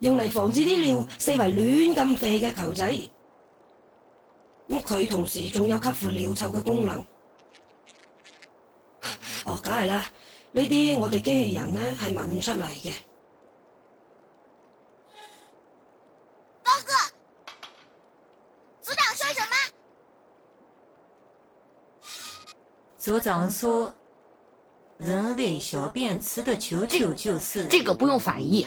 用嚟防止啲尿四圍亂咁飛嘅球仔，咁佢同時仲有吸附尿臭嘅功能。哦，梗係啦，呢啲我哋機器人咧係聞出嚟嘅。高哥，組長說什麼？組長說人類小便池嘅球球就是，這個。這個不用翻譯。